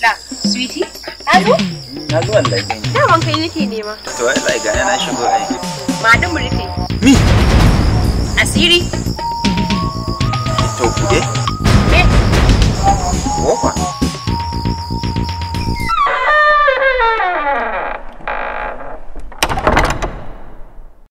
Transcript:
Na, sweetie, ka zo? Na zo wallahi. Daman kai nake nema. To wallahi ga na shigo ai. Ma da mu rufe. Mi. Asiri.